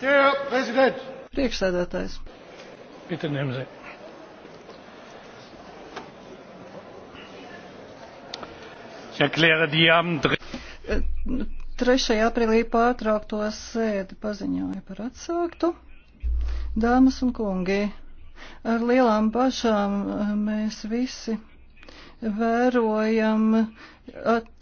Priekšsēdētājs. Bitte nehmen Sie. Ich erkläre die am 3. aprīlī pārtraukto sēdi paziņoja par atsāktu. Dāmas un kungi, ar lielām bažām eh, mēs visi vērojam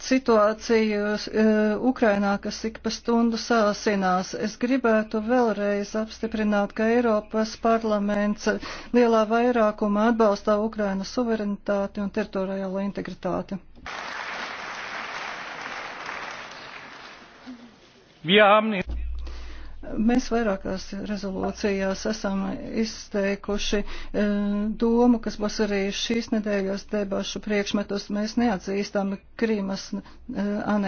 situāciju e, Ukrainā, kas ik pa stundu sāsinās. Es gribētu vēlreiz apstiprināt, ka Eiropas parlaments lielā vairākumā atbalstā Ukrainas suverenitāti un teritoriālo integritāti. Wir haben Mēs vairākās rezolūcijās esam izteikuši e, domu, kas būs arī šīs nedēļas debašu priekšmetus. Mēs neatzīstam Krīmas e, aneksiju.